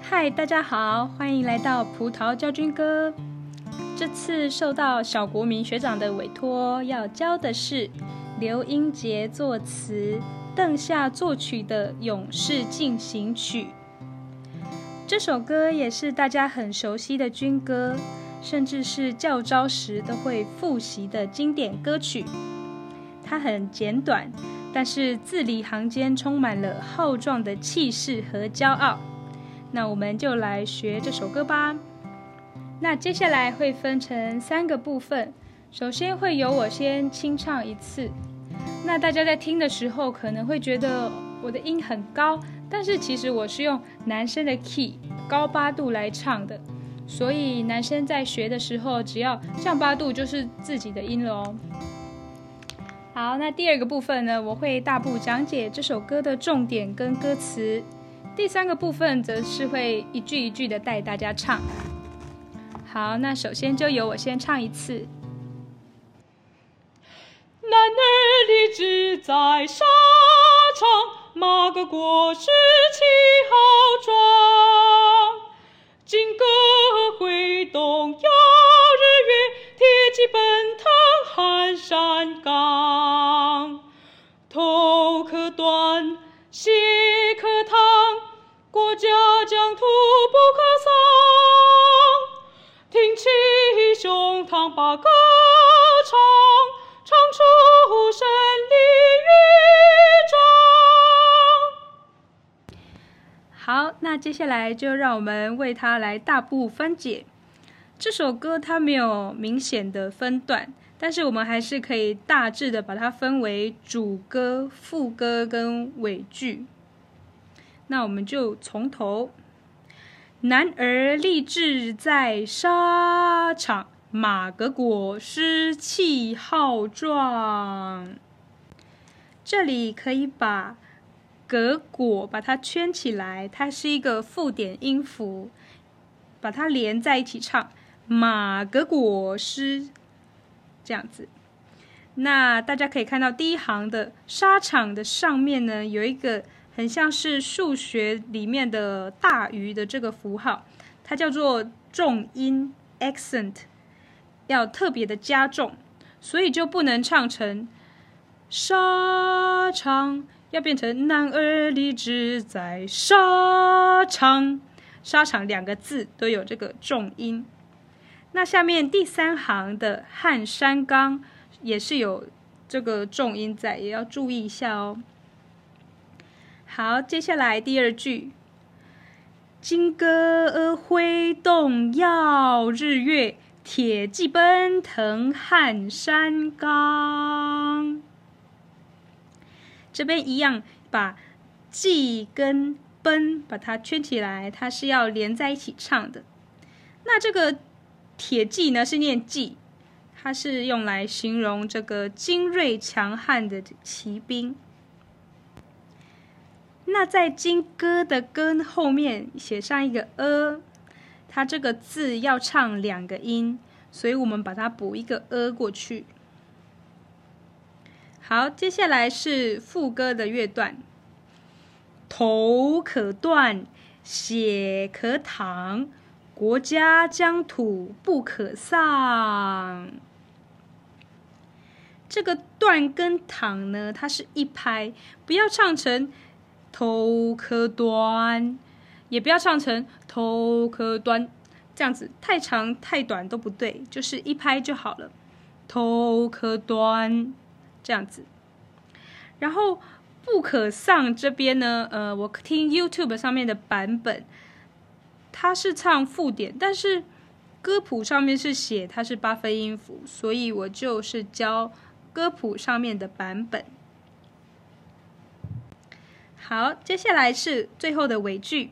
嗨，大家好，歡迎來到葡萄教軍歌。這次受到小國民學長的委托，要教的是劉英傑作詞、鄧夏作曲的《勇士進行曲》。這首歌也是大家很熟悉的軍歌。甚至是教招時都會複習的經典歌曲，它很簡短，但是字裡行間充滿了豪壯的氣勢和驕傲。那我們就來學這首歌吧。那接下來會分成三個部分，首先會由我先清唱一次。那大家在聽的時候可能會覺得我的音很高，但是其實我是用男生的 key 高八度來唱的。所以男生在學的時候，只要降八度就是自己的音了哦。好，那第二個部分呢，我會大步講解這首歌的重點跟歌詞；第三個部分則是會一句一句的帶大家唱。好，那首先就由我先唱一次。男兒立志在沙場，馬革裹屍。頭可斷，血可淌，國家疆土不可喪。挺起胸膛把歌唱，唱出勝利樂章。好，那接下來就讓我們為他來大步分解。這首歌它沒有明顯的分段。但是我們還是可以大致的把它分為主歌、副歌跟尾句。那我們就從頭，男兒立志在沙場，馬革裹屍氣浩壯。這裡可以把“革裹”把它圈起來，它是一個附點音符，把它連在一起唱，“馬革裹屍”。這樣子，那大家可以看到第一行的「沙場」的上面呢，有一個很像是數學裡面的大於的這個符號，它叫做重音 （accent），要特別的加重，所以就不能唱成「沙場」，要變成「男兒立志在沙場」。沙場兩個字都有這個重音。那下面第三行的“撼山崗”也是有這個重音在，也要注意一下哦。好，接下來第二句，“金戈呃揮動耀日月，鐵騎奔騰撼山崗。”這邊一樣，把“騎”跟“奔”把它圈起來，它是要連在一起唱的。那這個。鐵騎呢是念“騎”，它是用來形容這個精銳強悍的騎兵。那在“金戈”的“戈”後面寫上一個“呃”，它這個字要唱兩個音，所以我們把它補一個“呃”過去。好，接下來是副歌的樂段：“頭可斷，血可淌。”國家疆土不可喪。這個斷跟淌呢，它是一拍，不要唱成頭可斷，也不要唱成頭可斷，這樣子太長太短都不對，就是一拍就好了。頭可斷這樣子，然後不可喪這邊呢，呃，我聽 YouTube 上面的版本。他是唱附點，但是歌譜上面是寫它是八分音符，所以我就是教歌譜上面的版本。好，接下來是最後的尾句：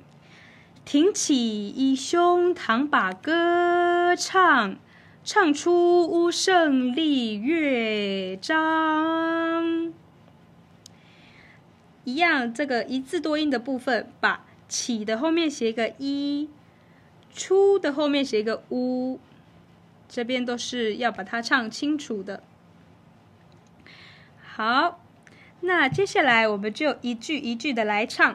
挺起一胸膛，把歌唱，唱出烏勝利樂章。一樣，這個一字多音的部分，把。起的後面寫一個一，出的後面寫一個烏，這邊都是要把它唱清楚的。好，那接下來我們就一句一句的來唱。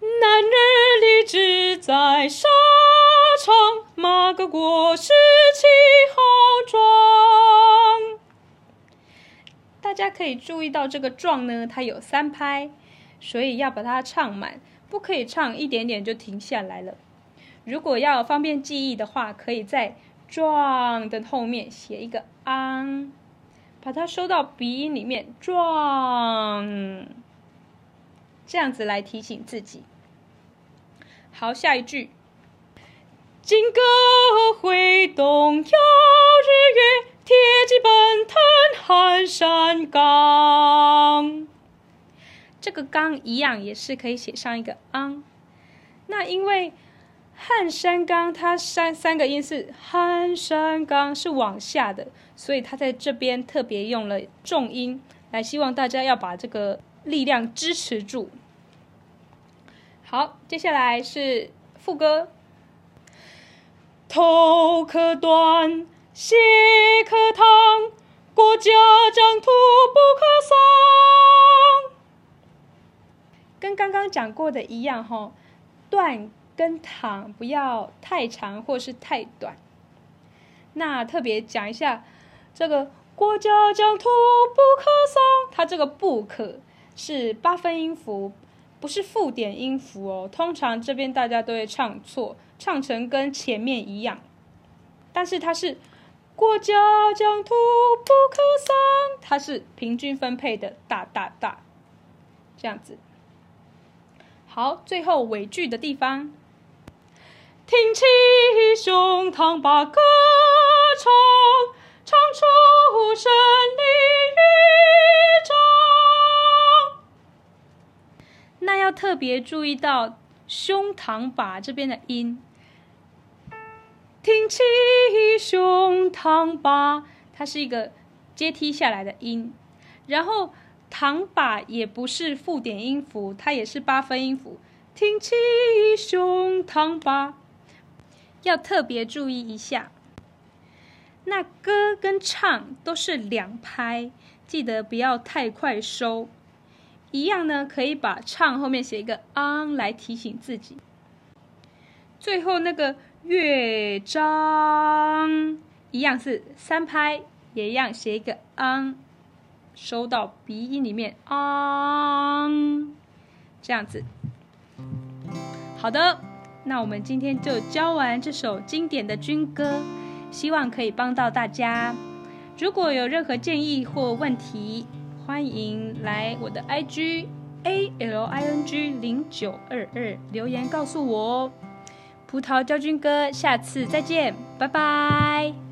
男兒立志在沙場，馬革裹屍氣浩壯。大家可以注意到這個壯呢，它有三拍。所以要把它唱滿，不可以唱一點點就停下來了。如果要方便記憶的話，可以在“壯”的後面寫一個昂、嗯，把它收到鼻音裡面，“壯”，這樣子來提醒自己。好，下一句：金戈揮動耀日月，鐵騎奔騰撼山崗。這個崗一樣也是可以寫上一個昂、嗯。那因為撼山崗它三三個音是撼山崗是往下的，所以它在這邊特別用了重音來，希望大家要把這個力量支持住。好，接下來是副歌：頭可斷，血可淌，國家疆土不可喪。剛剛講過的一樣哈，斷跟淌不要太長或是太短。那特別講一下，這個國家疆土不可喪，它這個不可是八分音符，不是附點音符哦。通常這邊大家都會唱錯，唱成跟前面一樣，但是它是國家疆土不可喪，它是平均分配的，噠噠噠，這樣子。好，最後尾句的地方，挺起胸膛把歌唱，唱出勝利的樂章。那要特別注意到胸膛把這邊的音，挺起胸膛把，它是一個階梯下來的音，然後。膛把也不是附點音符，它也是八分音符。挺起胸膛把，要特別注意一下。那歌跟唱都是兩拍，記得不要太快收。一樣呢，可以把唱後面寫一個「昂」來提醒自己。最後那個樂章一樣是三拍，也一樣寫一個「昂」。收到鼻音裡面，昂、嗯，這樣子。好的，那我們今天就教完這首經典的軍歌，希望可以幫到大家。如果有任何建議或問題，歡迎來我的 IG A L I N G 零九二二留言告訴我哦。葡萄教軍歌，下次再見，拜拜。